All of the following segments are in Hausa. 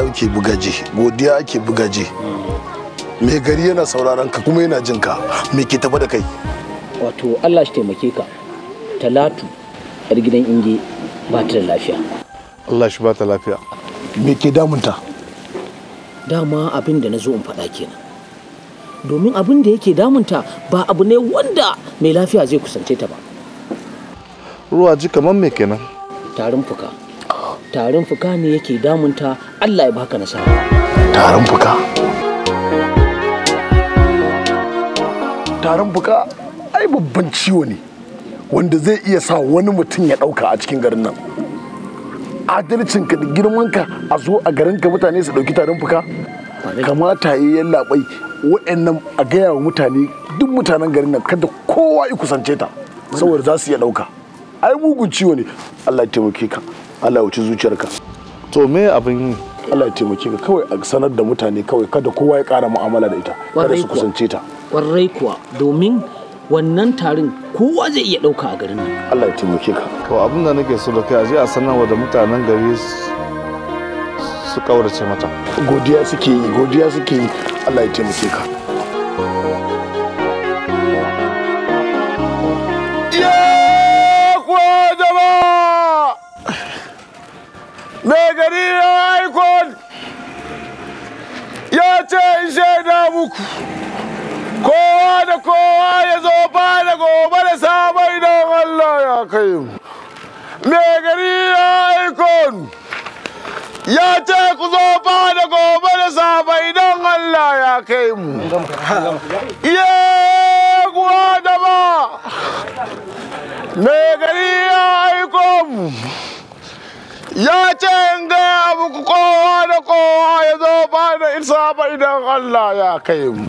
godiya ake bugaje godiya ake bugaje mai gari yana sauraron ka kuma yana jin ka me ke tafa da kai wato Allah shi taimake ka talatu a gidan inge ba ta da lafiya Allah shi ba ta lafiya me ke damunta dama abin da na zo in faɗa kenan domin abin da yake damunta ba abu ne wanda mai lafiya zai kusance ta ba ruwa ji kamar me kenan tarin fuka tarin fuka ne yake damunta Allah ya baka nasara tarin fuka tarin fuka ai babban ciwo ne wanda zai iya sa wani mutum ya ɗauka a cikin garin nan ka, da girmanka a zo a garin ka mutane su ɗauki tarin fuka kamata yi yan labai waɗannan a gaya wa mutane duk mutanen garin nan kada kowa ya kusance ta saboda za su iya ɗauka ai mugun ciwo ne allah ya taimake ka Allah wuce zuciyarka to me abin yi Allah ya taimake ka kawai a sanar da mutane kawai kada kowa ya ƙara mu'amala da ita kada su kusance ta warrai kuwa domin wannan tarin kowa zai iya ɗauka a garin nan Allah ya taimake ka to abin da nake so da kai a je a sanarwa da mutanen gari su kaurace mata godiya suke yi godiya suke yi Allah ya taimake ka mai gari ya haikon, ya ce in shaida muku kowa da kowa ya zo ba da gobe da sabai idan Allah ya kai mu mai gari ya haikon, ya ce ku zo ba da gobe da sabai idan Allah ya kai mu iya kuwa da ba mai gari ya haikon. ya ce in abu ku kowa da kowa ya zo ba da isa ba idan Allah ya kai mu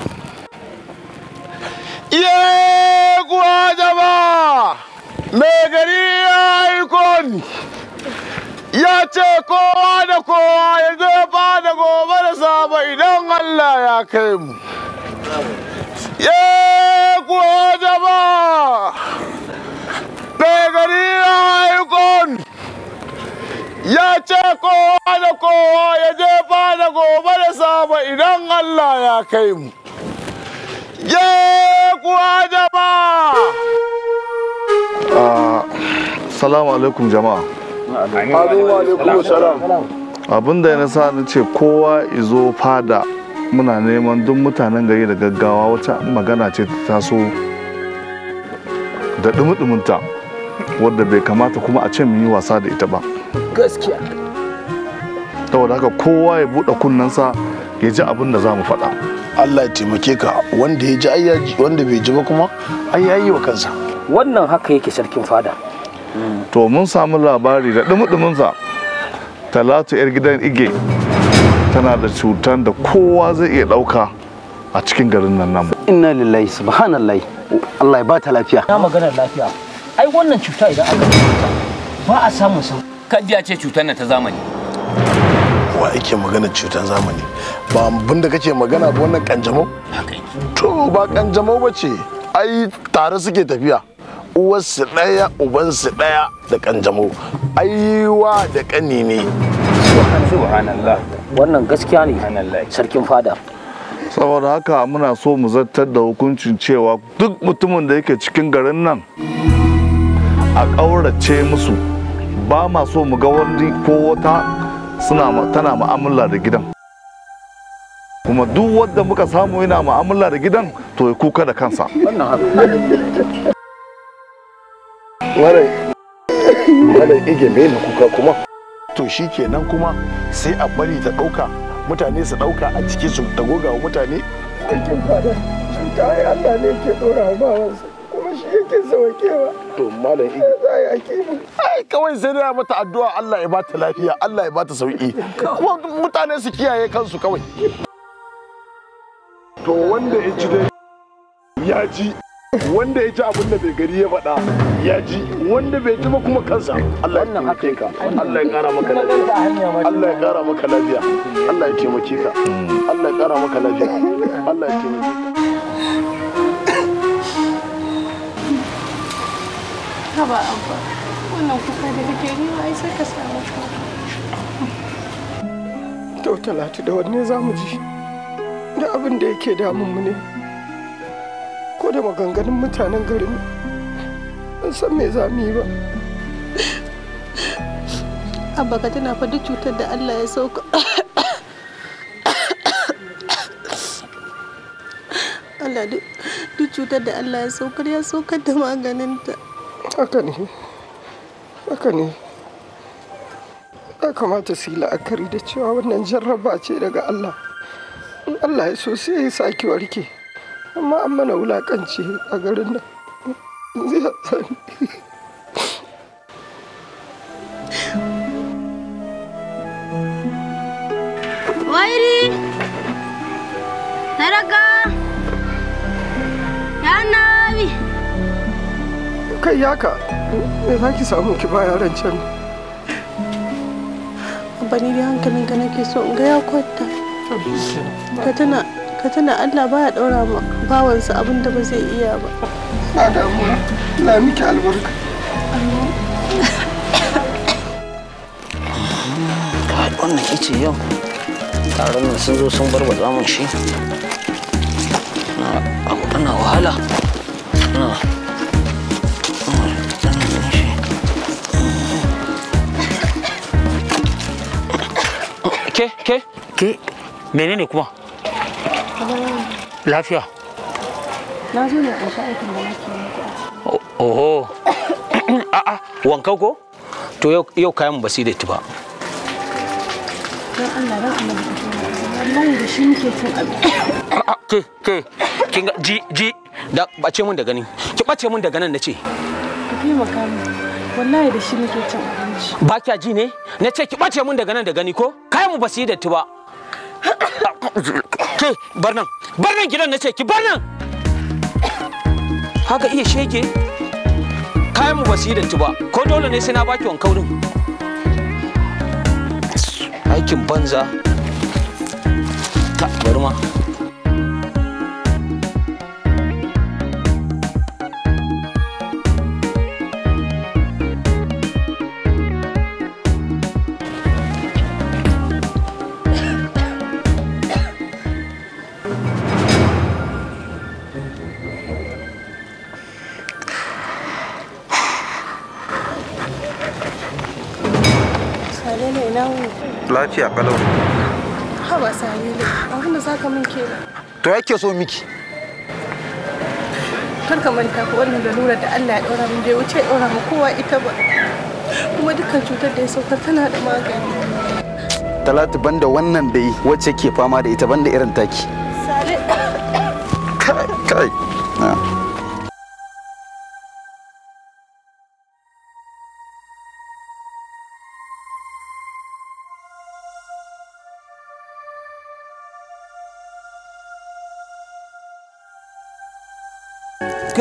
iye kuwa jama mai gari ya yi koni ya ce kowa da kowa ya zo ba da gobe da saba idan Allah ya kai mu iye kuwa jama mai gari ya yi koni ya ce kowa da kowa ya jefa da gobe da saba idan Allah ya kai mu ye kuwa jama'a ah, salamu alaikum jama'a abin da ya nasa ni ce kowa izo fada muna neman duk mutanen gari da gaggawa wata magana ce ta so. da dumi wadda bai kamata kuma a ce mun yi wasa da ita ba gaskiya saboda haka kowa ya buɗe kunnensa ya ji abin da za mu faɗa Allah ya taimake ka wanda ya ji ayyaji wanda bai ji ba kuma ai yayi wa kansa wannan haka yake sarkin fada to mun samu labari da dumudumin sa Talatu yar gidan Ige tana da cutar da kowa zai iya ɗauka a cikin garin nan namu inna lillahi subhanallahi Allah ya ba ta lafiya na magana lafiya ai wannan cuta idan aka ba a samun sauki kadiya ce cutar na ta zamani wa yake magana cutar zamani ba abin da kake magana ba wannan kanjamau to ba kanjamau ba ce ai tare suke tafiya uwarsu ɗaya ubansu ɗaya da kanjamau aiwa da ƙani ne wannan gaskiya ne sarkin fada saboda haka muna so mu zartar da hukuncin cewa duk mutumin da yake cikin garin nan a ƙaurace musu ba ma so mu ga wani ko wata suna tana mu'amala da gidan kuma duk wadda muka samu yana mu'amala da gidan to ya kuka da kansa wannan ige na kuka kuma to shi kenan kuma sai a bari ta ɗauka mutane su ɗauka a ciki su ta goga mutane ne ke ɗora ba wasu shi ke saukewa to malam igi za ya mu ai kawai sai dai mata addu'a Allah ya bata lafiya Allah ya bata sauki kuma mutane su kiyaye kansu kawai to wanda ya ji dai ya ji wanda ya ji abin da bai gari ya faɗa ya ji wanda bai ji ba kuma kansa Allah ya taimake ka Allah ya ƙara maka lafiya Allah ya ƙara maka lafiya Allah ya taimake ka Allah ya ƙara maka lafiya Allah ya taimake ka haba abba wannan kuka da kake yi ai sai ka samu to talatu da wanne za mu ji da abin da yake damunmu ne ko da maganganun mutanen garin ban san me za mu yi ba abba tana fa duk cutar da allah ya sauka Allah cutar da Allah ya saukar ya saukar da haka ne haka ne ya kamata su yi la'akari da cewa wannan jarraba ce daga Allah in Allah ya so sai ya sake warke amma an mana wulakanci a garin nan Wairi! Taraga! kai yaka me za ki samu ki ba yaran can abba ni dai hankalin ka nake so in ga ya kwanta ka tana ka tana Allah baya daura ma bawansa abin da ba zai iya ba na damuwa na miki albarka wannan ice yau taron nan sun zo sun bar barbaza zamu shi ana wahala na ke ke ke menene kuma lafiya na zo ne ƙarshe aikin da nake yi oho a'a wanka ko to yau kayan ba su da ba ke ke kin ga ji ji da bace mun da gani ki bace mun da ganin nace ki fi makami wallahi da shi nake cin abinci ba kya ji ne na ce ki ɓace mun daga nan da gani ko kayan mu ba su yi datti ba ke bar nan bar nan gidan na ce ki bar nan haka iya shege kayan mu ba su yi datti ba ko dole ne sai na baki wankaurin aikin banza ta bari ma lafiya kalau ne a abinda za ka min kenan to yake so miki kar ka manta ko wannan lalurar da Allah ya daura min bai wuce daura min kowa ita ba kuma dukkan cutar da ya saukar tana da magani talatu banda wannan da yi wacce ke fama da ita banda irin taki sale kai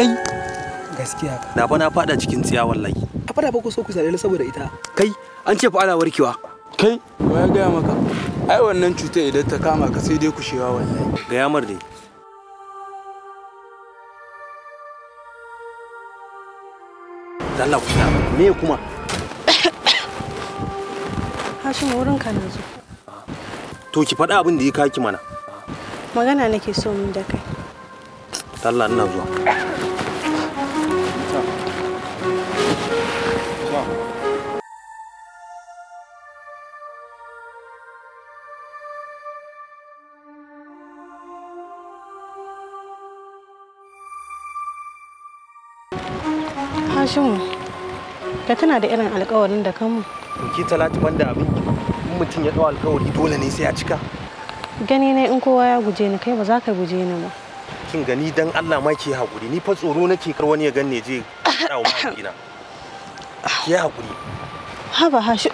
kai gaskiya na fa na fada cikin tsiya wallahi a fada fa ko so ku sare saboda ita kai an ce fa ana warkewa kai ya gaya maka ai wannan cutar idan ta kama ka sai dai ku shewa wallahi gaya mar dai Allah ku me kuma Hashim wurin ka na zo to ki faɗa abin da ya kaki mana magana nake so min da kai Allah ina zuwa shin ka tana da irin alkawarin da kanmu ki talatu banda abin in mutum ya dawo alkawari dole ne sai ya cika gani ne in kowa ya guje ni kai ba za ka guje ni ba kin gani dan Allah ma ki hakuri ni fa tsoro nake kar wani ya ganne je dawo ma gina ki hakuri haba shi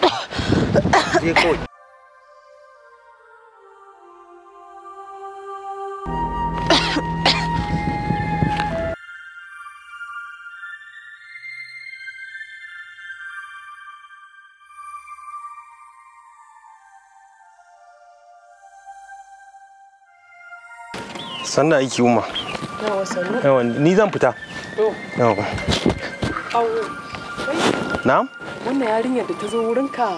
je kawai sanda aiki umma yawa ni zan fita yawa na wannan yarinyar da ta zo wurinka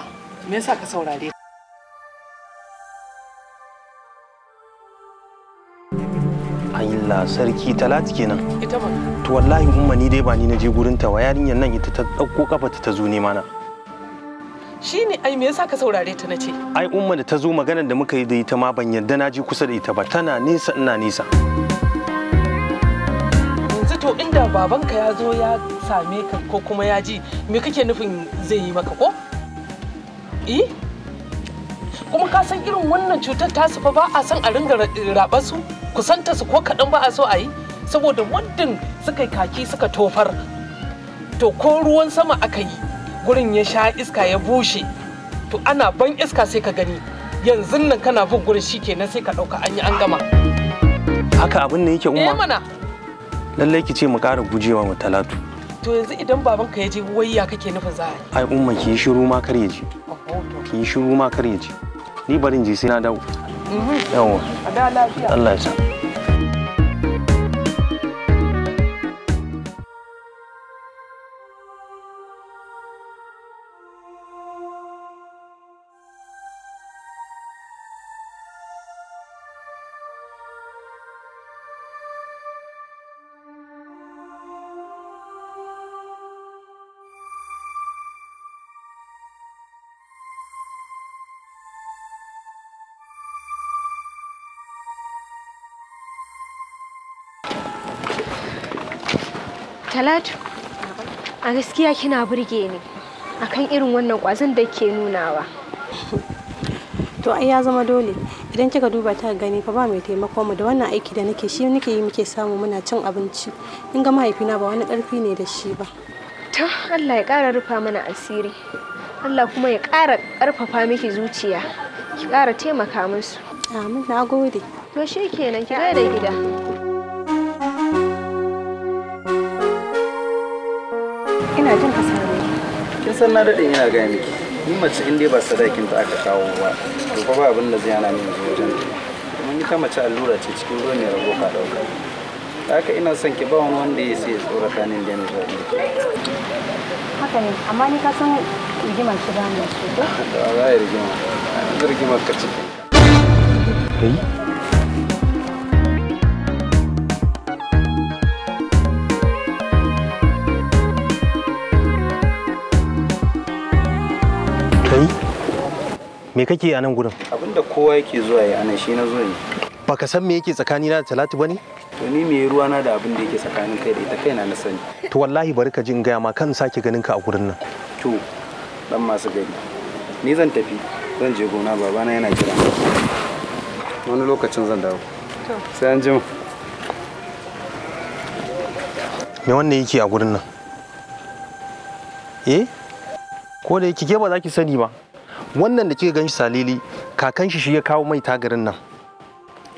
me yasa ka saurare Allah sarki talati kenan ita ba to wallahi umma ni dai ba ni na je gurin ta wa yarinyar nan ita ta dauko kafa ta zo ne mana shi ne ai me yasa ka saurare ta nace ai umma da ta zo maganar da muka yi da ita ma ban yarda na ji kusa da ita ba tana nisa ina nisa yanzu to inda babanka ya zo ya same ka ko kuma ya ji me kake nufin zai yi maka ko eh kuma ka san irin wannan cutar ta fa ba a san a ringa raɓa su kusanta su ko kaɗan ba a so a yi saboda muddin suka kaki suka tofar to ko ruwan sama aka yi gurin ya sha iska ya bushe to ana ban iska sai ka gani yanzu nan kana bin gurin shikenan sai ka dauka an yi an gama haka abin da yake umma eh mana lallai ki ce mu ƙara gujewa wa talatu to yanzu idan babanka ya je wayya kake nufin za ai umma ki yi shiru ma kar ya je ki yi shiru ma kar ya je ni barin je sai na dawo mhm. yawa a da lafiya Allah ya sa Talatu, a gaskiya kina burge ni akan irin wannan kwazon da ke nunawa. To ai ya zama dole idan kika duba ta gani fa ba mai taimako mu da wannan aiki da nake shi nake yi muke samu muna cin abinci. In ga mahaifina ba wani ƙarfi ne da shi ba. To Allah ya ƙara rufa mana asiri. Allah kuma ya ƙara ƙarfafa miki zuciya. Ki ƙara taimaka musu. Amin, na gode. To shi kenan ki da gida. san na daɗe ina gaya miki ni mace inda ba sadakin ta aka kawo ba to ba abin da zai yana min zuwa wajen kuma ta mace allura ce cikin ruwan ne rago ka ɗauka haka ina son ki ba wani wanda ya sai tsorata ne da ni yi haka ne amma ni ka san rigimar ki ba ni da su ko? da za a yi rigima rigimar ka ciki. me kake a nan gurin abinda kowa yake zuwa ya ana shi na zo ne ka san me yake tsakani na da talatu ne. to ni me ruwa na da abin da yake tsakanin kai da ita kai na sani to wallahi bari ka jin gaya ma kan sake ganin ka a gurin nan to dan masu gari ni zan tafi zan je gona babana yana jira wani lokacin zan dawo sai an jima me wannan yake a gurin nan eh ko da yake ke ba za ki sani ba wannan da kika ganshi salili kakan shi shi ya kawo mai tagarin nan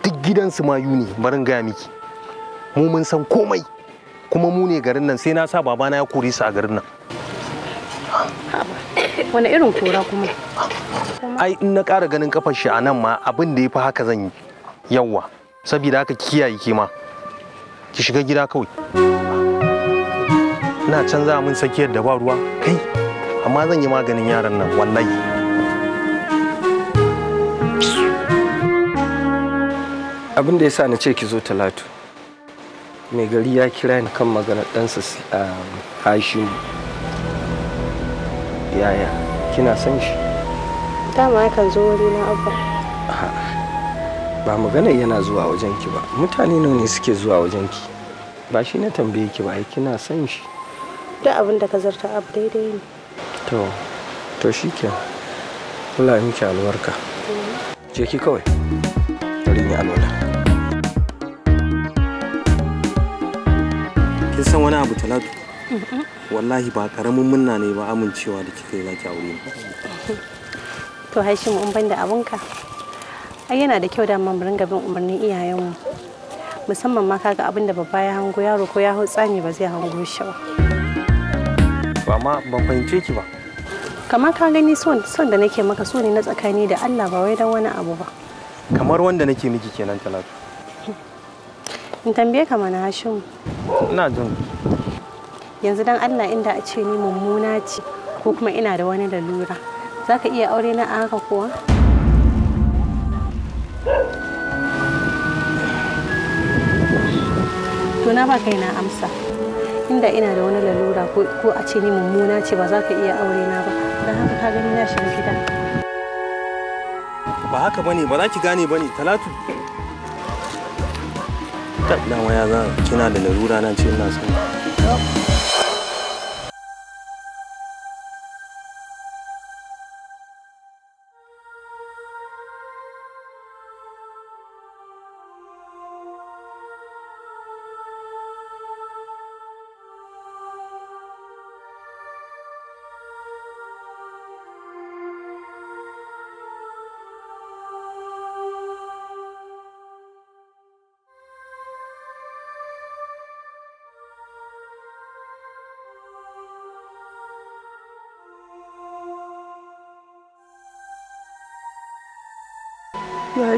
duk gidansu Sumayu ne barin gaya miki mu mun san komai kuma mu ne garin nan sai na sa babana ya kore su a garin nan wani irin kora kuma ai in na kara ganin kafar shi a nan ma abin da ya fi haka zan yi yawa saboda haka kiyaye ke ma ki shiga gida kawai na canza min tsakiyar da ba ruwa kai amma zan yi maganin yaran nan wallahi abin da ya sa na ce ki zo talatu mai gari ya kira ni kan maganar ɗansa um, hashimu yaya kina son shi dama kan zo wuri na abba ba magana yana zuwa wajenki ba mutane nawa ne suke zuwa wajenki ba shi na tambaye ki ba kina son shi duk abin da ka zarta abu daidai ne to to shi ke kula miki albarka je ki kawai bari alwala kin san wani abu talatu wallahi ba karamin munna ne ba amincewa da kika yi ki aure to haishim in ban da abunka ai yana da kyau da mun ringa bin umarnin iyayenmu musamman ma kaga abin da babba ya hango yaro ko ya hau ne ba zai hango shi ba ba ma ban fahimce ki ba kamar ka gani son son da nake maka so ne na tsakani da Allah ba wai dan wani abu ba kamar wanda nake miki kenan talatu in tambaye ka mana hashim ina jin yanzu dan allah inda a ce ni mummuna ce ko kuma ina da wani lalura za ka iya aure na aka kuwa to na ba kai na amsa inda ina da wani lalura ko a ce ni mummuna ce ba za ka iya aure na ba don haka ka gani na shiga gida ba haka bane ba za ki gane bane talatu dama ya za kina da larura nan ce ina sani.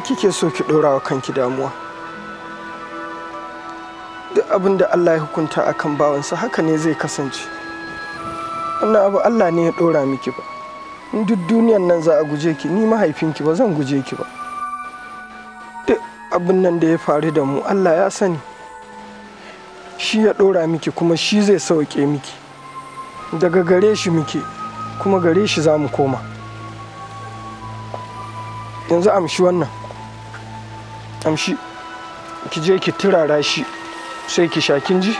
kike so ki ɗora wa kanki damuwa duk abin da allah ya hukunta a kan bawansa haka ne zai kasance wannan abu allah ne ya ɗora miki ba in duk duniyan nan za a guje ki ni mahaifinki ba zan guje ki ba duk abin nan da ya faru da mu allah ya sani shi ya ɗora miki kuma shi zai sauke miki daga gare shi miki kuma gare shi za mu koma yanzu amshi wannan amshi ki je ki turara shi sai ki sha kin ji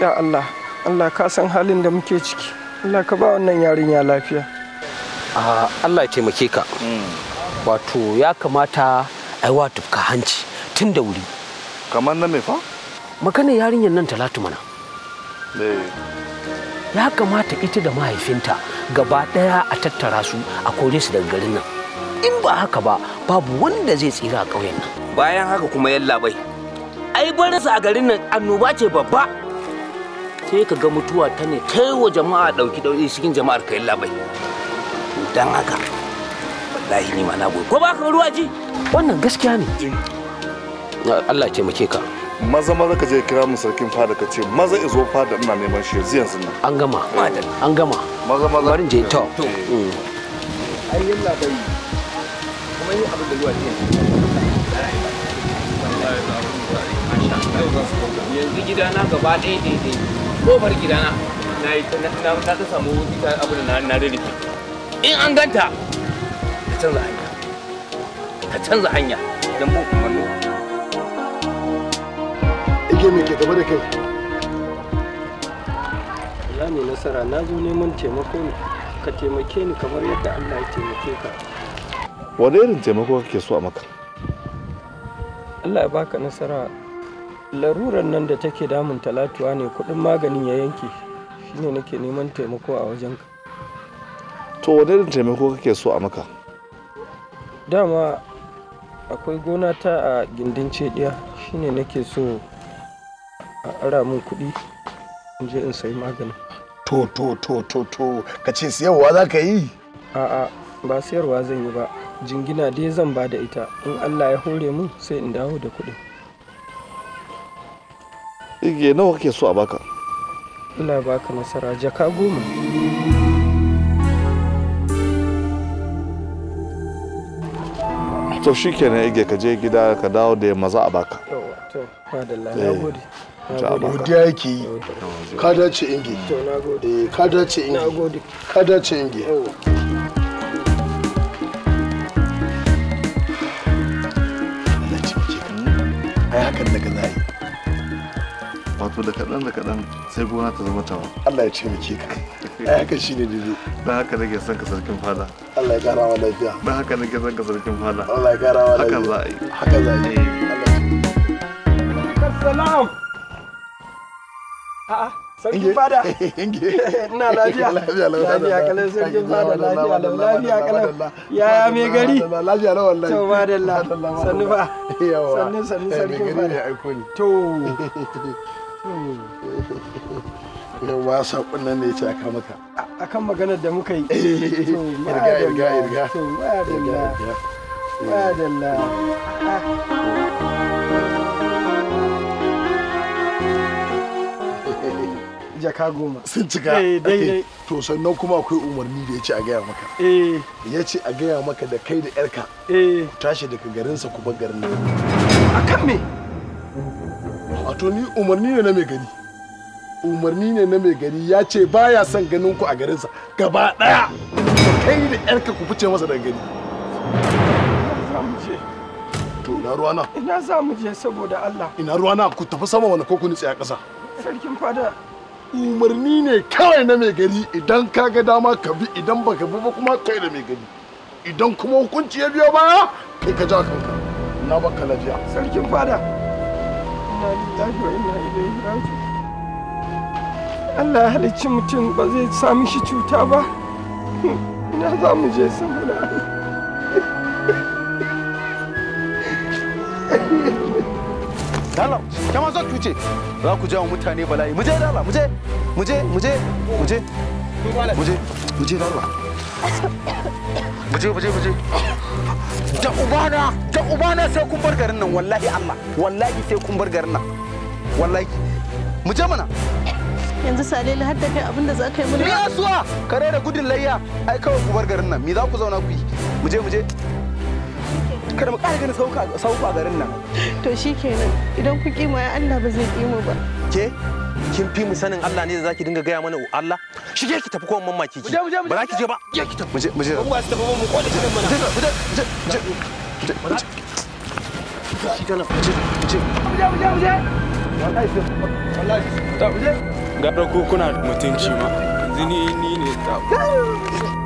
ya Allah Allah ka san halin da muke ciki Allah ka ba wannan yarinya lafiya Allah ya taimake ka hmm. wato ya kamata aiwa tufka hanci tun da wuri kamar na me fa magana yarinyar nan talatu mana ya kamata ita da mahaifinta gaba daya a tattara su a kore su daga garin nan in ba haka ba babu wanda zai tsira a ƙauyen nan bayan haka kuma yallaɓai ai barinsa a garin nan annoba ce babba sai ka ga mutuwa ta ne kai wa jama'a ɗauki ɗauki cikin jama'ar ka yallaɓai dan haka wallahi ni ma na goyi ko ba ka ruwa ji wannan gaskiya ne eh. Allah ya taimake ka maza maza ka je kira mu sarkin fada ka ce maza zo fada ina neman shi yanzu yanzu nan an gama eh. an gama maza maza Barin je to eh. mm. ai yalla bai kamar da ruwa yanzu gidana gaba ɗaya daidai kofar gidana na yi na ta samu ita da na rarrafe in an ganta ka canza hanya ka canza hanya don bin kumallo ige ke gaba da kai Allah mai nasara na zo neman taimako ne ka taimake ni kamar yadda Allah ya taimake ka wani irin taimako kake so a maka allah ya baka nasara larurar nan da take damun talatuwa ne kudin maganin ya yanke shine nake neman taimako a wajenka to wani irin taimako kake so a maka dama akwai gona ta a gindin cediya shine nake so a ara min kudi in je in sayi maganin to to to to to ka ce siyarwa za ka yi a'a ba siyarwa zan yi ba jingina dai zan ba da ita in allah ya hore mun sai in dawo da kuɗin ige nawa kake so a baka ina baka nasara jaka goma to shi na ige ka je gida ka dawo da maza a eh, baka godiya yake yi ka dace inge eh, ka dace inge ka dace inge ka daga nayi wato da kaɗan da kaɗan sai gona ta zama tawa Allah ya taimake ka ai haka shine dudu dan haka nake son ka sarkin fada Allah ya kara wa lafiya dan haka nake son ka sarkin fada Allah ya kara wa lafiya haka za a yi haka za a yi eh. Allah ya salam a'a sarkin fada ina lafiya lafiya kalan sarkin fada lafiya lau lafiya kalan mai gari lafiya lau wallahi to madalla sannu ba sannu sannu eh, sarkin fada to yawa saƙon nan ne ce aka maka a maganar da muka yi to ma'adalla to ma'adalla ma'adalla eh. ah. jaka goma sun cika eh, dai to sannan kuma akwai umarni da ya ce a gaya maka eh yace a gaya maka da kai da yarka eh tashi daga garin ku bar garin nan akan me a to ni umarni ne na mai gari umarni ne na mai gari ya ce baya son ganin ku a garin sa gaba daya kai da yarka ku fice masa daga gari to ina ruwana ina za mu je saboda Allah ina ruwana ku tafi sama wani ko ku nitsi a ƙasa sarkin fada umarni ne kawai na mai gari idan ka ga dama ka bi idan ba ka bi ba kuma kai da mai gari idan kuma hukunci ya biyo baya kai ka ja kanka na baka lafiya sarkin fada Allah ya halicci mutum ba zai sami shi cuta ba ina za mu je saboda Allah dala ke ma zo ki wuce za ku jawo mutane bala'i muje je dala muje. Muje mu je mu je dala mu je mu da ubana da ubana sai kun bar garin nan wallahi Allah wallahi sai kun bar garin nan wallahi muje mana yanzu salele har da kai abin da za ka yi mana ni asuwa kare da gudun layya ai kawai ku bar garin nan me za ku zauna ku yi muje muje. kada mu ƙara ganin a garin nan to shi kenan idan ku kima ya Allah ba zai kima ba ke kin fi mu sanin Allah ne da zaki dinga gaya mana Allah shi ke ki tafi ko mamaki ki ki ba za ki je ba ya ki tafi mu je mu je ba shi mu je mu je mu je mu je wallahi wallahi ta mu je ga mutunci ma yanzu ni ni ne ta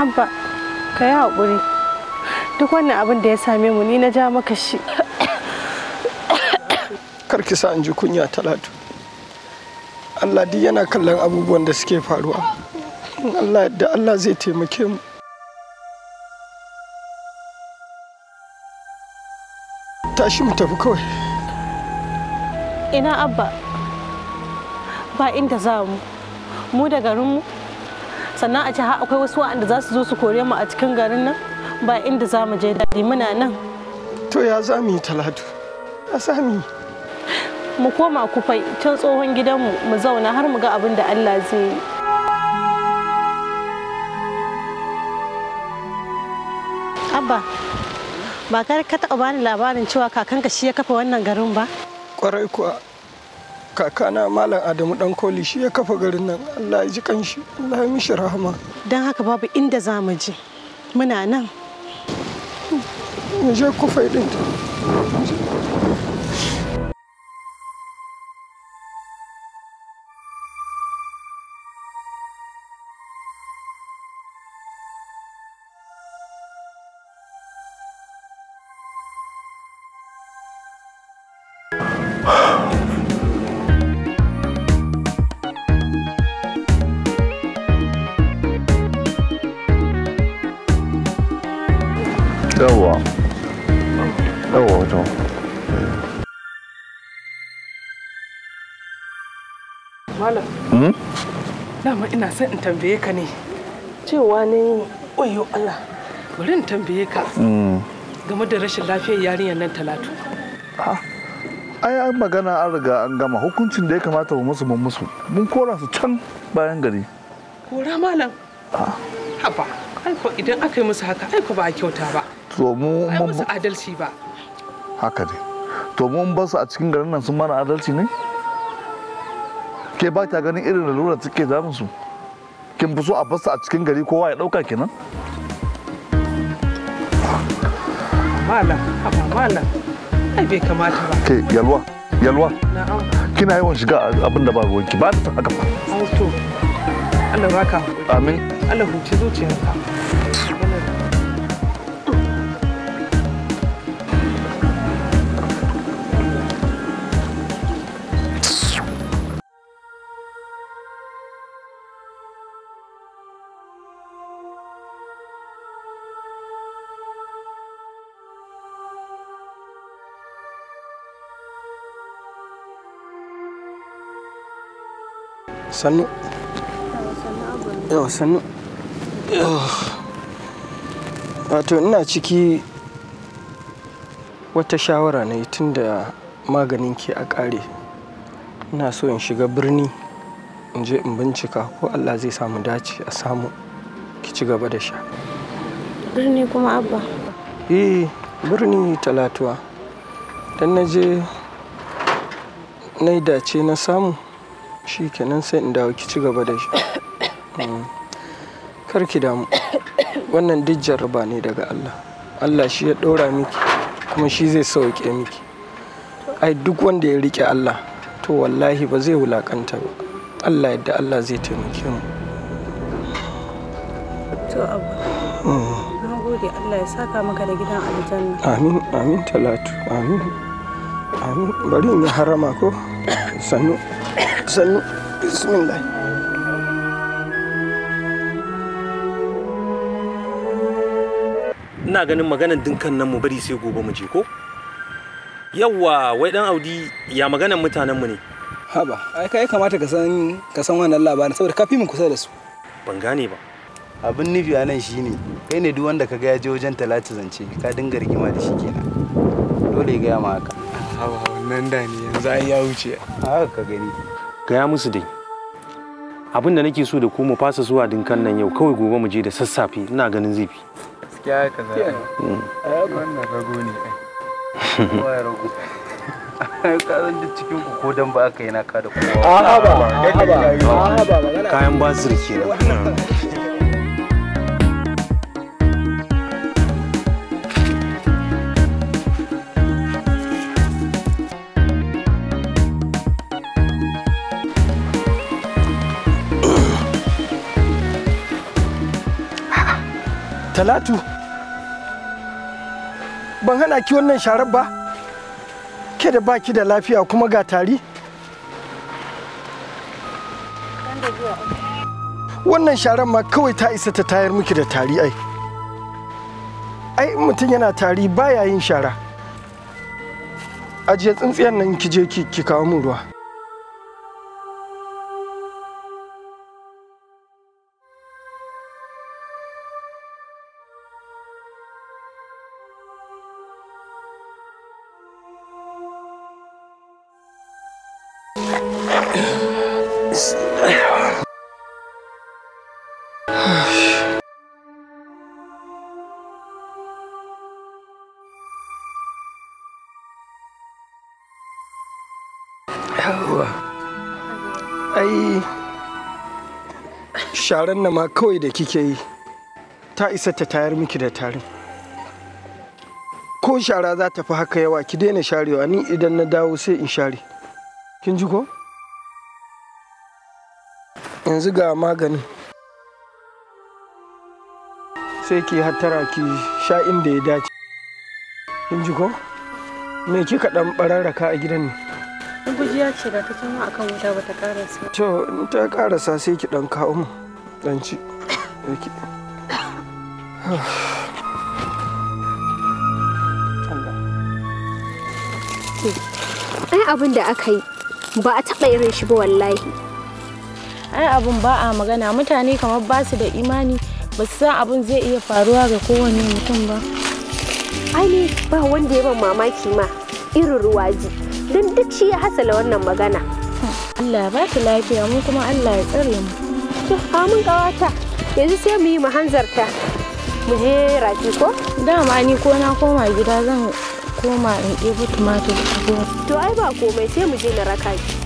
abba ka yi haƙuri duk wannan abin da ya same mu ni na ja maka shi karki sa in ji kunya talatu allah duk yana kallon abubuwan da suke faruwa allah da allah zai taimake mu tashi mu tafi kawai ina abba ba inda za mu mu da garinmu sannan a ce har akwai wasu wa'anda za su zo su kore mu a cikin garin nan ba inda za mu je daɗi muna nan to ya za mu yi talatu ya za mu yi mu koma kufai can tsohon gidanmu mu zauna har mu ga abin da allah zai yi abba ba ka taɓa bani labarin cewa kakanka shi ya kafa wannan garin ba kwarai kuwa kakana malam adamu dan koli shi ya kafa garin nan allah ya ji kanshi allah ya mishi rahama don haka babu inda za mu je muna nan mu je kufai din yawwa yawwa wato malam dama ina son in tambaye ka ne cewa ne oyo Allah bari in tambaye ka hmm. game da rashin lafiyar yarinyar nan talatu ah, ai an magana an riga an gama hukuncin da ya kamata mu musu mun musu mun kora su can bayan gari kora malam ah. haba aiko idan aka yi musu haka aiko ba a kyauta ba so mu ai musu adalci ba haka ne to mun ba su a cikin garin nan sun mana adalci ne ke ba ta ganin irin lalura suke damun su kin fi so a basu a cikin gari kowa ya dauka kenan malam malam ai bai kamata ba ke yalwa yalwa kina yawan shiga abin da ba ruwanki ba ta haka ba to Allah baka amin Allah huce zuciyarka sannu yawa sannu wato ina ciki wata shawara na yi tun da maganin ke a ƙare ina so in shiga birni in je in bincika ko allah zai samu dace a samu ki ci gaba da sha birni kuma abba eh birni talatuwa don na je na dace na samu shi kenan sai in dawo ki ci gaba da shi mm. kar ki damu wannan duk jarraba ne daga Allah Allah shi ya ɗora miki kuma shi zai sauke miki ai duk wanda ya rike Allah to wallahi ba zai wulakanta ba Allah yadda Allah zai taimake mu to abu mm. na gode Allah ya saka maka da gidan aljanna amin amin talatu amin amin bari in harama ko sannu ina ganin maganan dinkan nan mu bari sai gobe mu je ko yawwa wai dan audi ya maganan mutanen mu ne haba ai kai kamata ka san ka san wannan labarin saboda ka fi mu kusa da su ban gane ba abin nufi a nan shine kai ne duk wanda ka ga ya je wajen talatu zance ka dinga rigima da shi kenan dole ya gaya ma haka haba wannan da ne yanzu ai ya wuce haka ka gani gaya musu dai abin da nake so da ku mu fasa zuwa dinkan nan yau kawai gobe mu je da sassafe ina ganin zai fi gaskiya ka zai ne ai ko dan ba aka yi da kowa a'a ba a'a ba kayan kenan Talatu, ban hana ki wannan sharar ba, ke da baki da lafiya kuma ga tari? Wannan sharar ma kawai ta isa ta tayar miki da tari ai. Ai, mutum yana tari baya yin shara. Ajiye tsintsiyar nan ki je ki kawo min ruwa. sharan na ma kawai da kike yi ta isa ta tayar miki da tarin ko shara za ta fi haka yawa ki daina sharewa ni idan na dawo sai in share kin ji ko yanzu ga maganin sai ki hattara ki sha inda ya dace kin ji ko me kika dan bararraka a gidan ne gujiya ce da ta kima akan wuta bata karasa to ta karasa sai ki dan kawo mu Danci. Peki. Ai abin da aka yi ba a taɓa irin shi ba wallahi. Ai abin ba a magana mutane kamar ba su da imani ba su san abin zai iya faruwa ga kowane mutum ba. Ai ne ba wanda ya ban mamaki ma irin ruwaji don duk shi ya hasala wannan magana. Allah ya ba lafiya mu kuma Allah ya tsare mu. to kamun kawata yanzu sai mu yi mu hanzarta mu je raki ko dama ni ko na koma gida zan koma in ɗebo tumatir to ai ba komai sai mu je na raka ki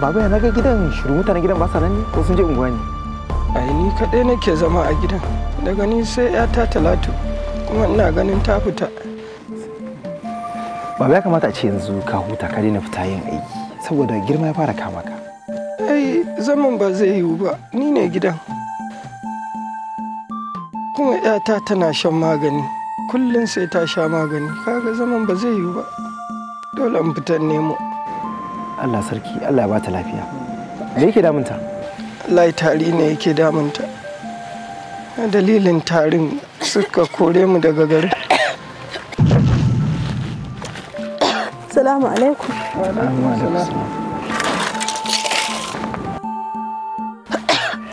baba ya naga gidan shiru mutane gidan ba sa nan ne ko sun je unguwa ne ai ni kaɗai nake zama a gidan daga ni sai ya talatu kuma ina ganin ta fita baba ya kamata a ce yanzu ka huta ka daina fita yin aiki saboda girma ya fara kama ka ai zaman ba zai yiwu ba ni ne gidan kuma yata tana shan magani kullum sai ta sha magani kaga zaman ba zai yiwu ba dole in fitar nemo Allah sarki Allah ya bata lafiya me yake damunta wallahi tari ne yake damunta dalilin tarin suka kore mu daga gari Assalamu alaikum.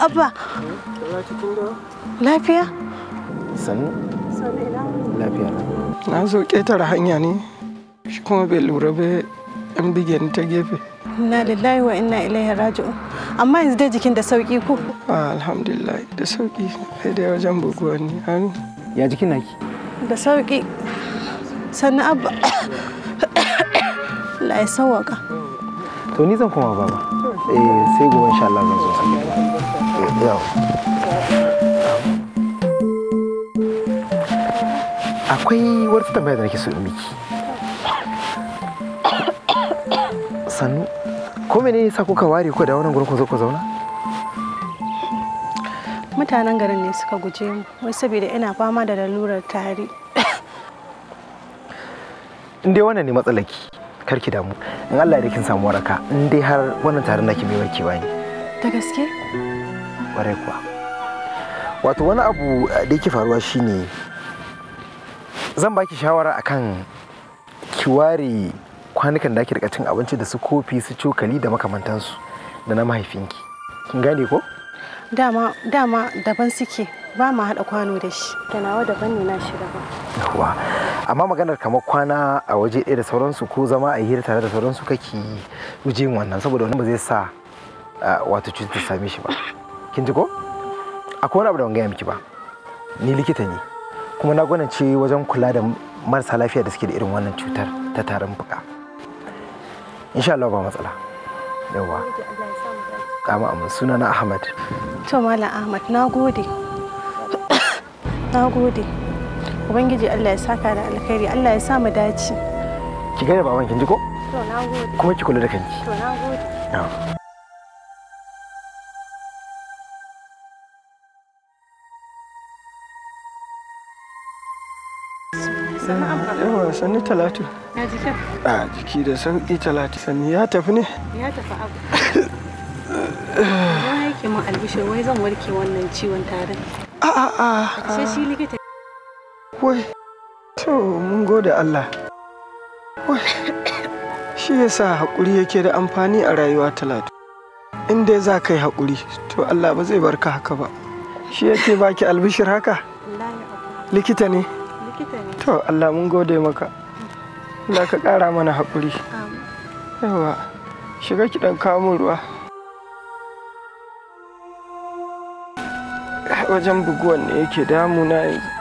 Abba. Lafiya? Sannu. Lafiya. Na zo ƙetare hanya ne, shi kuma bai lura ba an bige ni ta gefe inna lillahi wa inna ilaihi raji'un amma yanzu dai jikin da sauki ko ah, alhamdulillah da sauki sai dai wajen buguwa ne hannu ya jikin naki da sauki sannan abba Allah ya sawaka to ni zan koma baba eh sai gobe insha Allah zan zo eh, yau akwai wata tambaya da nake so in miki sannu ko mene yasa kuka ware ku da wannan gurin ku zo ku zauna mutanen garin ne suka guje mu wai saboda ina fama da lalurar tari in dai wannan ne matsalaki karki damu in Allah ya kin samu waraka in dai har wannan tarin naki bai warke ba ne ta gaske ware kuwa wato wani abu da yake faruwa shine zan baki shawara akan ki ware kwanukan da ake rika cin abinci da su kofi su cokali da makamantansu da na mahaifinki kin gane ko dama dama daban suke ba ma haɗa kwano da shi da nawa daban ne na shi daban yawa amma maganar kamar kwana a waje ɗaya da sauransu ko zama a hira tare da sauransu kake guje wannan saboda wani ba zai sa wato cutar ta same shi ba kin ji ko akwai wani abu da ban gaya miki ba ni likita ne kuma na gwanance wajen kula da marasa lafiya da suke da irin wannan cutar ta tarin fuka insha Allah ba matsala yawa kama amma suna na Ahmad to mala Ahmad na gode na gode ubangiji Allah ya saka da alkhairi Allah ya sa mu dace ki gaida baban kin ji ko to na gode kuma ki kula da kanki to na gode yawa sannu talatu a jiki da sauki talatu Sani ya tafi ne ya tafi abu ya yake ma albishir wai zan warke wannan ciwon tarin a a a sai shi likita wai to mun gode Allah wai shi yasa haƙuri yake da amfani a rayuwa talatu in dai za ka yi haƙuri to Allah ba zai barka haka ba shi yake baki albishir haka likita ne to Allah mun gode maka Allah ka ƙara mana haƙuri yawa shiga ki dan ruwa wajen buguwan ne yake damuna yanzu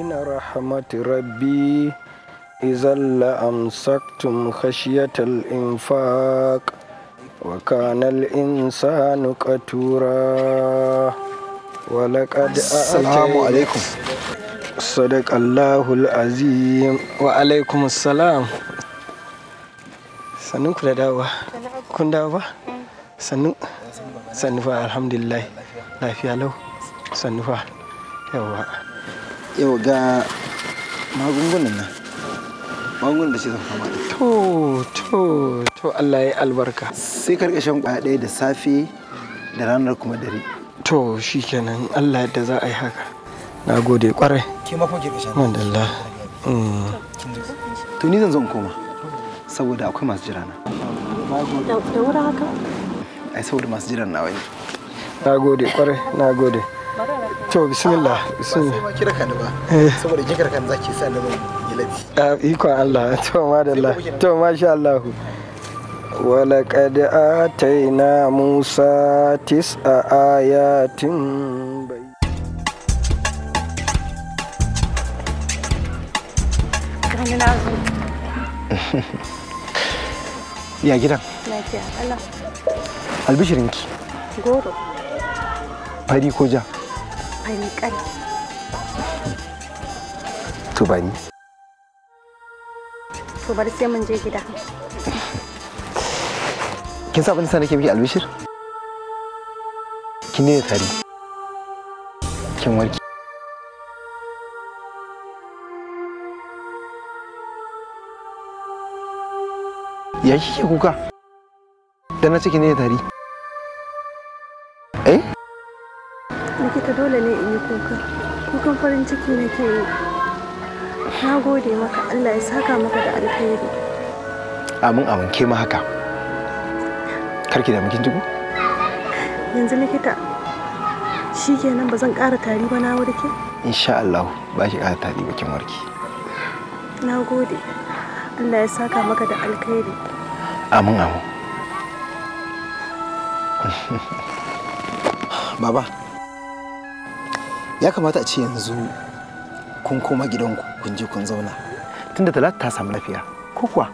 ina rahmati rabbi izan la'amsaktum khashiyatal infaq wa kana al-insanu qatura wa laqad assalamu alaikum sadaqallahu al-azim wa alaikum assalam sannu ku da dawa kun dawo ba sannu sannu fa alhamdulillah lafiya lau sannu fa yawa yau ga magungunan nan magungunan da shi zan fama da to to to Allah ya albarka sai karkashin shan kwaya ɗaya da safe da ranar kuma dare to shikenan Allah da za a yi haka na gode kwarai ke mafi fage ka shan Allah to ni zan zo koma saboda akwai masu jira na da wuri haka ai saboda masu jira na wani na gode kwarai na gode to bismillah bismillah sai ma kira kan ba eh. saboda kira kan zaki sa da yalati a ah, ikon Allah to madalla to masha Allah ولقد آتينا موسى تسع آيات Ya gidan? Allah. Albishirinki? Goro. Fari ko ja? a mun je gida. Kin nake albishir? Kin ne tari. Kin warke. Ya kike kuka? dan na ciki ne tari. likita dole ne in yi kuka kukan farin ciki nake yi na gode maka allah ya saka maka da alkhairi amin amin ke ma haka karki da mukin jigo yanzu likita shi kenan ba zan ƙara tari ba na warke insha allah ba shi ƙara tari ba kin warke na gode allah ya saka maka da alkhairi amin amin Baba, ya kamata a ce yanzu kun koma gidanku kun je kun zauna tunda talata ta samu lafiya ko kuwa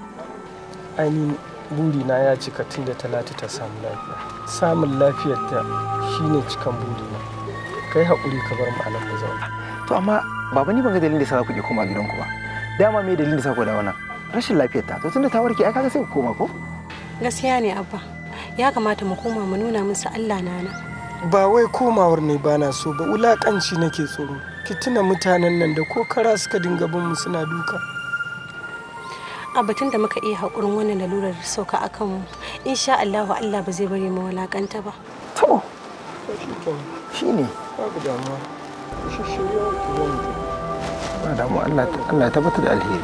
buri na ya cika tunda talata ta samu lafiya samun lafiyar ta shine cikan na kai haƙuri ka bar ma'anar mu zauna to amma baba ni ban ga dalilin da sa ku je koma gidanku ba dama me dalilin da sa ku da wannan rashin lafiyar ta to tunda ta warke ai kaga sai ku koma ko gaskiya ne abba ya kamata mu koma mu nuna musu Allah nana ba wai komawar ne ba na so ba wulaƙanci nake tsoro ki tuna mutanen nan da ko kara suka dinga bin mu suna duka a batun da muka iya haƙurin wannan lalurar sauka a kanmu insha Allah Allah ba zai bari mu wulaƙanta ba to shi ne babu damuwa shi shirya ba Allah Allah bata da alheri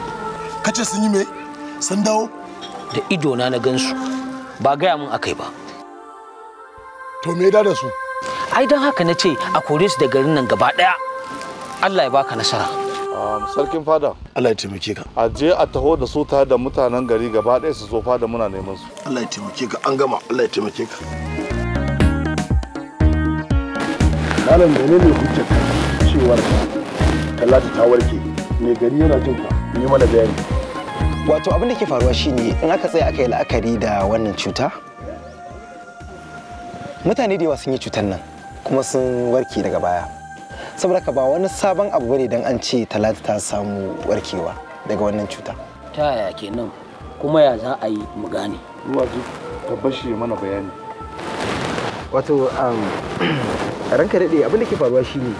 kace sun yi me sun dawo da ido na na gansu ba gaya mun akai ba to me da da su ai don haka na ce a kore su da garin nan gaba daya Allah ya baka nasara sarkin fada Allah ya taimake ka a je a taho da su tare da mutanen gari gaba daya su zo fada muna neman su Allah ya taimake ka an gama Allah ya taimake ka malam da ne ne hujjar cewar Talatu ta warke mai gari yana jin ka ni mana bayani wato abin da ke faruwa shine in aka tsaya aka yi la'akari da wannan cuta mutane da yawa sun yi cutar nan kuma sun warke daga baya saboda ka ba wani sabon abu bane dan an ce talata ta samu warkewa daga wannan cuta ta yaya kenan kuma ya za a yi mu gane wato bashi mana bayani wato ranka daɗe abin da ke faruwa shine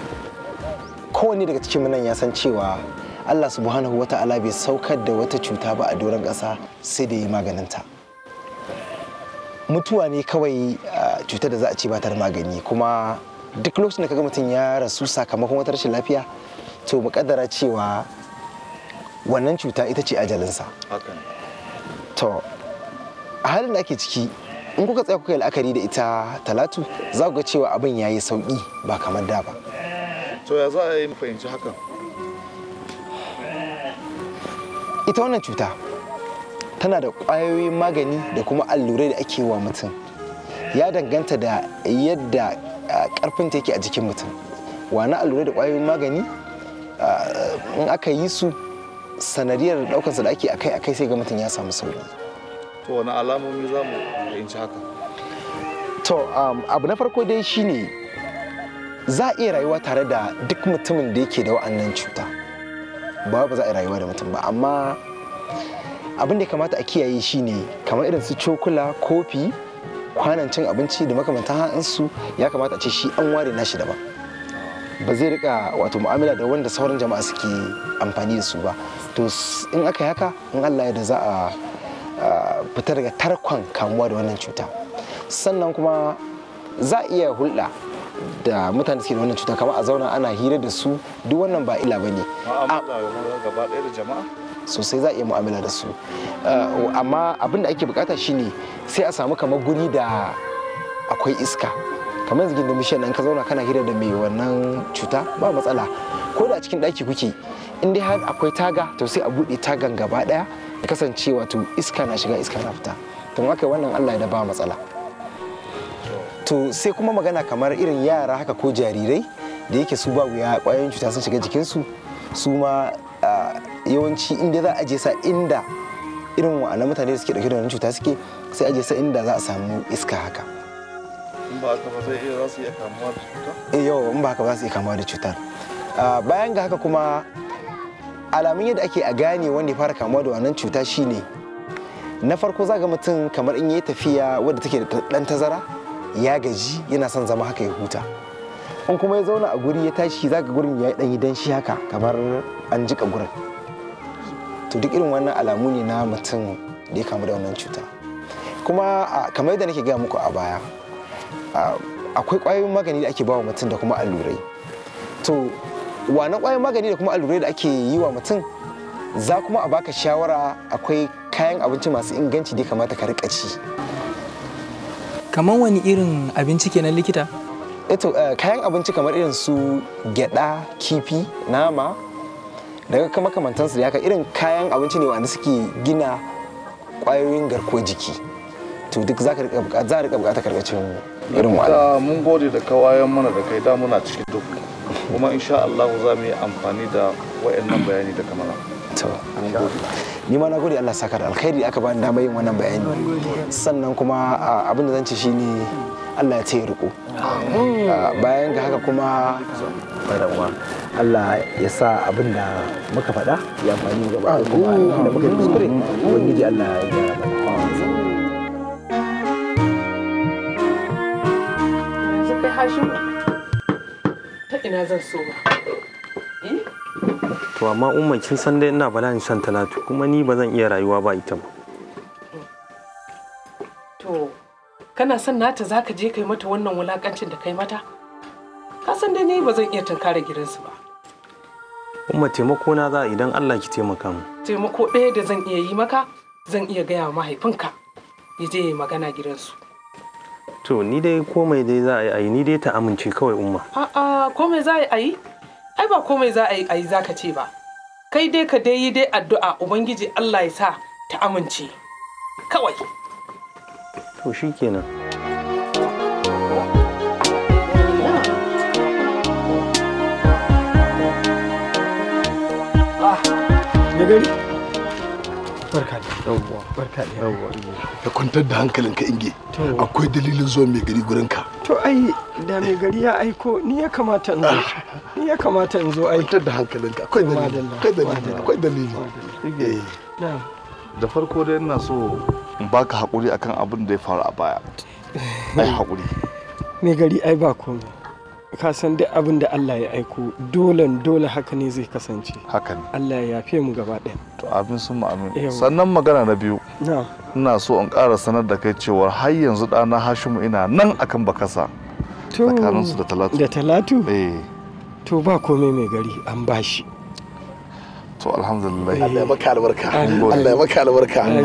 kowanne daga cikin nan ya san cewa Allah subhanahu wata'ala bai saukar da wata cuta ba a doron ƙasa sai da ya maganinta. ta mutuwa ne kawai cutar da za a ce ba da magani kuma duk lokacin da kaga mutum ya rasu sakamakon wata rashin lafiya to mu kaddara cewa wannan cuta ita ce ajalinsa to a halin da ake ciki in kuka tsaya kuka yi la'akari da ita talatu za ku ga cewa abin ya yi sauki ba kamar da ba to ya za a yi fahimci hakan ita wannan cuta tana da ƙwayoyin magani da kuma allurai da ake wa mutum ya danganta da yadda ƙarfin ta yake a jikin mutum wani allurai da ƙwayoyin magani in aka yi su sanadiyar ɗaukarsa da ake akai akai sai ga mutum ya samu sauri. to wani alamomi za mu fahimci haka to abu na farko dai shine za a iya rayuwa tare da duk mutumin da yake da wa'annan cuta ba ba za a rayuwa da mutum ba amma abin da kamata a kiyaye shine kamar irin su cokula kofi kwanan cin abinci da makamantan ha'insu ya kamata a ce shi an ware nashi daban ba zai rika wato mu'amala da wanda sauran jama'a suke amfani da su ba to in aka yi haka in allah ya da za a fita daga tarkon kamuwa da wannan cuta sannan kuma za a iya hulɗa da mutane suke da wannan cuta kamar a zauna ana hira da su duk wannan ba ila ba ne. Ma'amala gaba ɗaya da jama'a? sosai za a iya mu'amala da su eh, amma abin da ake bukata shine sai a samu kamar guri da akwai iska kamar yanzu gindin bishiyar nan ka zauna kana hira da mai wannan cuta ba matsala ko da cikin daki kuke in dai har akwai taga to sai a bude tagan gaba ɗaya ya kasance wato iska na shiga iska na fita to haka wannan Allah da ba matsala to sai kuma magana kamar irin yara haka ko jarirai da yake su ba wuya ƙwayoyin cuta sun shiga jikinsu su ma ah, yawanci inda za a je sa inda irin wa'annan mutane da suke dauke da wannan cuta suke sai a je sa inda za a samu iska haka in ba haka ba sai za su iya kamuwa da cutar? Eh, ba haka su iya kamuwa da cutar bayan ga haka kuma alamun yadda ake a gane wanda ya fara kamuwa da wannan cuta shine na farko za ga mutum kamar in yi tafiya wadda take da dan tazara ya gaji yana son zama haka ya huta in kuma ya zauna a guri ya tashi za ga gurin ya yi danyi danshi haka kamar an jika gurin to duk irin wannan alamu ne na mutum da ya kamu da wannan cuta kuma kamar yadda nake gaya muku a baya akwai ƙwayoyin magani da ake bawa mutum da kuma allurai to wane ƙwayoyin magani da kuma allurai da ake yi wa mutum za kuma a baka shawara akwai kayan abinci masu inganci da kamata ka rika ci kamar wani irin abinci kenan likita eto eh eh, kayan abinci kamar irin su gyada kifi nama daga makamantansu da haka irin kayan abinci ne wanda suke gina kwayoyin garkuwar jiki to duk za ka rika bukata karkacin irin wa'ala mun gode da kawayan mana da kai da muna cikin duk kuma insha Allah za mu yi amfani da wayannan bayani da kamar to ni ma na gode Allah saka da alkhairi aka bani damar yin wannan bayani sannan kuma abin da zan ci shine Allah ya ce ya riko ah, bayan ga haka kuma Allah ya sa abin da muka faɗa ya amfani gaba kuma da muka kuskure ubangiji Allah ya gyara mana Hashim ta ina zan so ba. Eh? To amma umma kin san dai ina bala'in son Talatu kuma ni ba zan iya rayuwa ba ita ba. To kana son nata za ka je kai mata wannan wulakancin da kai mata ka san dai ni ba zan iya tunkara gidansu ba umma taimako na za idan Allah ki taimaka mu taimako ɗaya da zan iya yi maka zan iya gaya wa mahaifinka ya je ya magana gidansu to ni dai komai dai za a yi ni dai ta amince kawai umma a'a komai za a yi ai ba komai za a yi ai zaka ce ba kai dai ka dai yi dai addu'a ubangiji Allah ya sa ta amince kawai to shi kenan ya gari barka da yawwa da yawwa ka kwantar da hankalinka inge akwai dalilin zuwa mai gari gurin ka to ai da mai gari ya aiko ni ya kamata in zo ah. ni ya kamata in zo ai kwantar da hankalinka akwai dalili akwai dalili akwai dalili eh. da farko dai ina so in baka a akan abin da ya faru a baya ai eh, haƙuri me gari ai ba komai ka san duk abin da Allah ya aiko dole dole haka ne zai kasance haka ne Allah ya yafe mu gaba ɗaya to abin sun mu amin sannan magana na biyu ina so in ƙara sanar da kai cewa har yanzu ɗana Hashimu ina nan akan bakasa tsakaninsu da talatu da talatu eh to ba komai mai gari an bashi to alhamdulillah Allah ya maka albarka Allah ya maka albarka eh,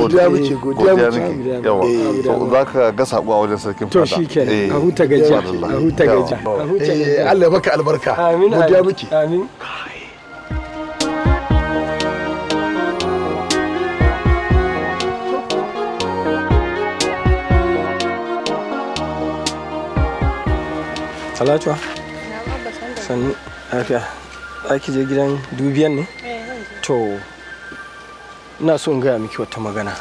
godiya muke godiya muke yawa eh, to zaka ga sako a wajen sarkin fada to shikenan eh, a huta gaji a huta gaji a huta gaji Allah ya maka albarka godiya muke amin Salatu, sannu lafiya. za ki je gidan dubiyan ne to ina so in gaya miki wata magana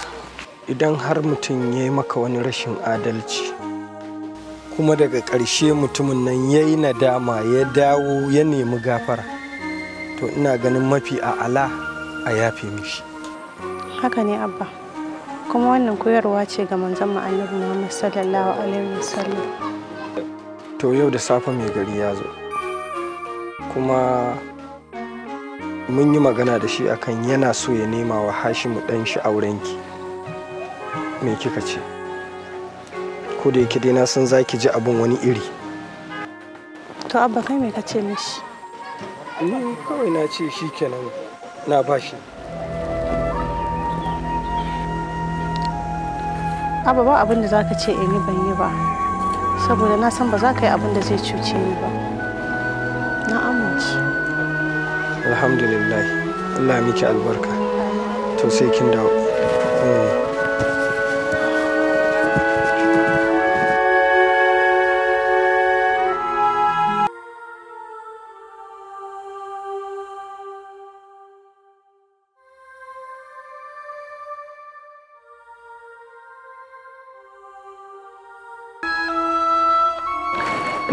idan har mutum ya yi maka wani rashin adalci kuma daga ƙarshe mutumin nan ya yi nadama ya dawo ya nemi gafara to ina ganin mafi ala. a yafe mishi haka ne abba kuma wannan koyarwa ce ga manzon mu Muhammad sallallahu alaihi wasallam to yau da safe mai gari ya zo kuma mun yi magana da shi akan yana so ya nema wa hashimu ɗan shi aurenki me kika ce ko da yake dai na san za ki ji abin wani iri to abba kai me ka ce mishi ni kawai na ce shi kenan na bashi abba ba abin da za ka ce in eh, yi ban yi ba saboda na san ba za ka yi abin da zai cuce ni ba alhamdulillah allah miki albarka to sai kin dawo hmm.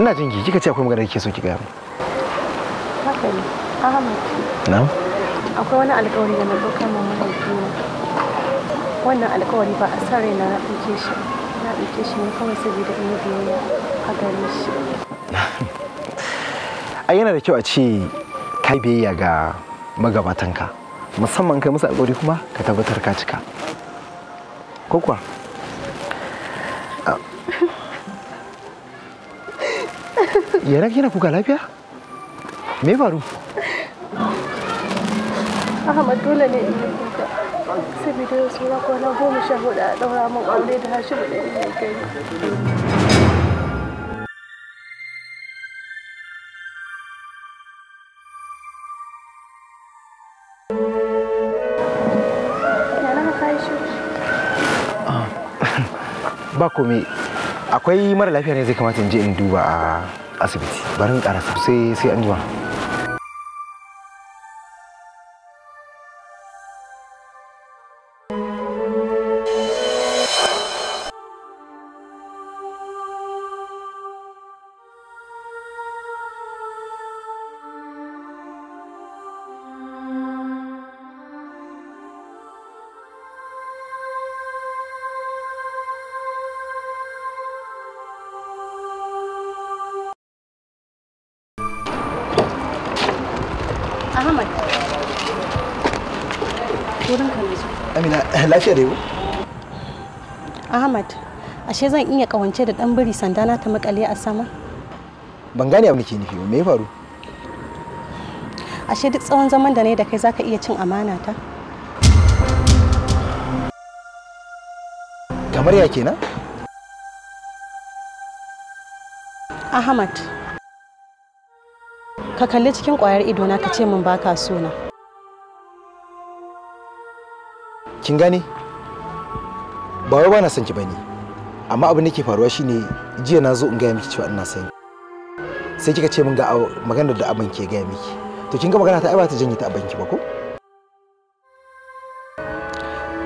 ina jin ki kika ce akwai magana da kike so ki gaya Ahmad. Akwai wani alkawari da na ɗaukar ma mahaifina. Wannan alkawari ba a sa rai na ɗauke shi. Na ɗauke shi ne kawai saboda in yi biyayya a gare shi. Ai yana da kyau a ce kai biyayya ga magabatanka. Musamman kai musu alkawari kuma ka tabbatar ka cika. Ko kuwa? Yana kina kuka lafiya? Me faru? Ahmad dole ne in yi kuka. Saboda yau suna kwana goma sha hudu a ɗaura min aure da Hashimu da ina ah, gani. Ba komai akwai mara lafiya ne zai kamata in je in duba a asibiti. Bari in ƙara sai sai an jima. ashe zan iya kawance da dan biri sandana ta makale a sama ban gane abin da ke nufi me ya faru ashe duk tsawon zaman da ne da kai zaka iya cin amana ta kamar ya kenan ahmad ka kalli cikin ƙwayar idona ka ce min baka suna. kin gane ba wai ba na son ki bane amma abin da ke faruwa shine jiya na zo in gaya miki cewa ina son sai kika ce min ga maganar da abin ke gaya miki to kin ga magana ta ba ta janye ta abin ki ba ko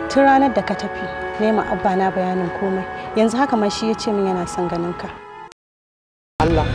tun ranar da ka tafi ma abba na bayanin komai yanzu haka ma shi ya ce min yana son ganin ka Allah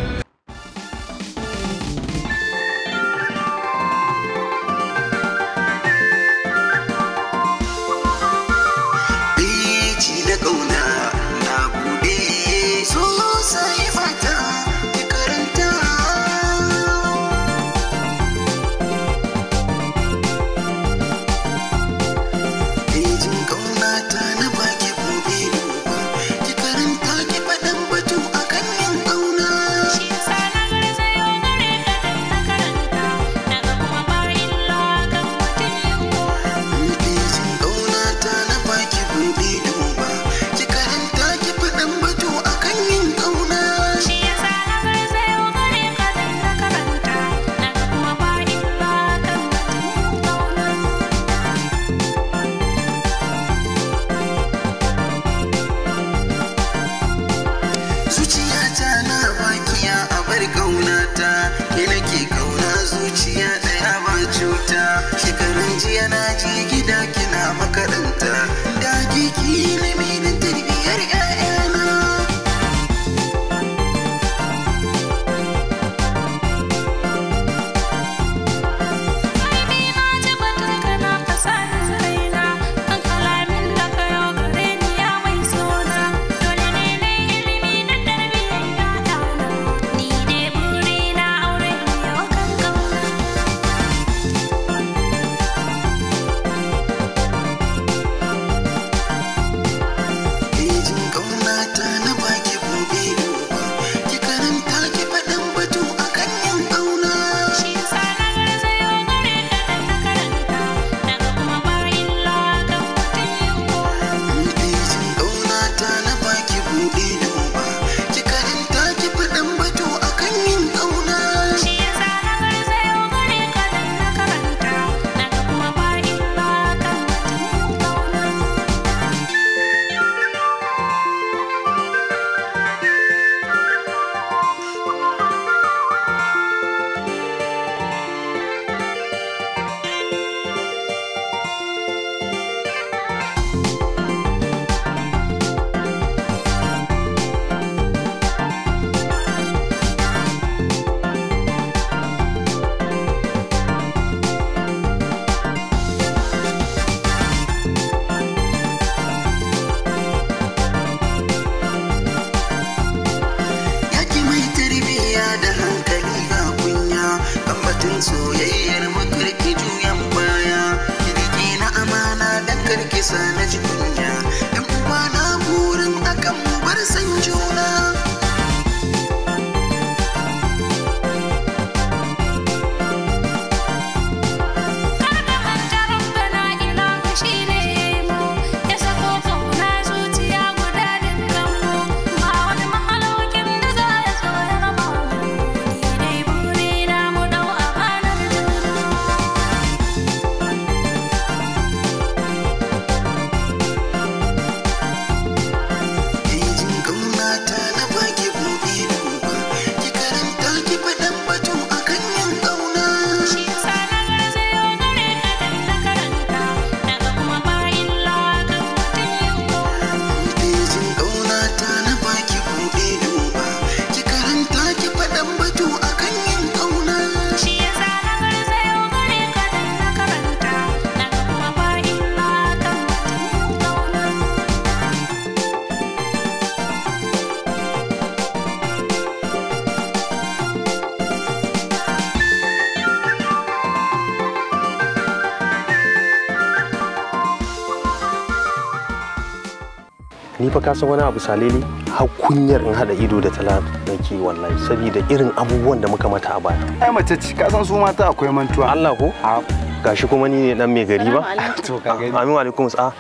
ka san wani abu salili har kunyar in hada ido da talatu nake wallahi saboda irin abubuwan da muka mata a baya ai mace ci ka san su mata akwai mantuwa Allah ko ah. gashi kuma ni ne dan mai gari ba to ka gani amin wa alaikum sa'a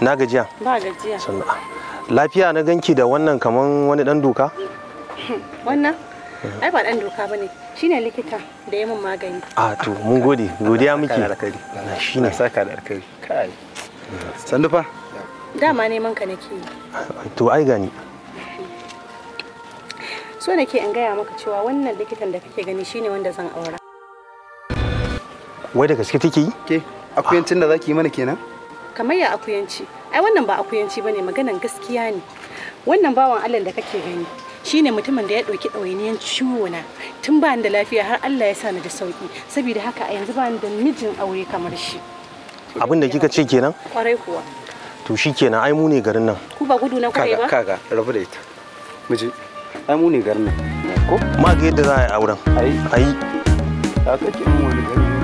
na gajiya ba gajiya sannan ah, lafiya na ganki da wannan kaman wani dan doka wannan ai ba dan doka bane shine likita da yamin magani a ah, to mun gode godiya miki shine saka da alkari kai sandufa dama neman ka nake yi to ai gani so nake in gaya maka cewa wannan likitan da kake gani shine wanda zan aura wai da gaske take yi ke akuyancin da zaki yi mana kenan kamar ya akuyanci ai wannan ba akuyanci bane maganan gaskiya ne wannan bawan Allah da kake gani shine mutumin da ya ɗauki ciwo ciwona tun ba da lafiya har Allah ya sa ni da sauki saboda haka a yanzu ba da mijin aure kamar shi abin da kika ce kenan kwarai kuwa to shi kenan ai mu ne garin nan ku ba gudu nan kai ba kaga rabu da ita miji ai mu ne garin nan ko ma ga yadda za a yi auren ai ai ka kake mu wani garin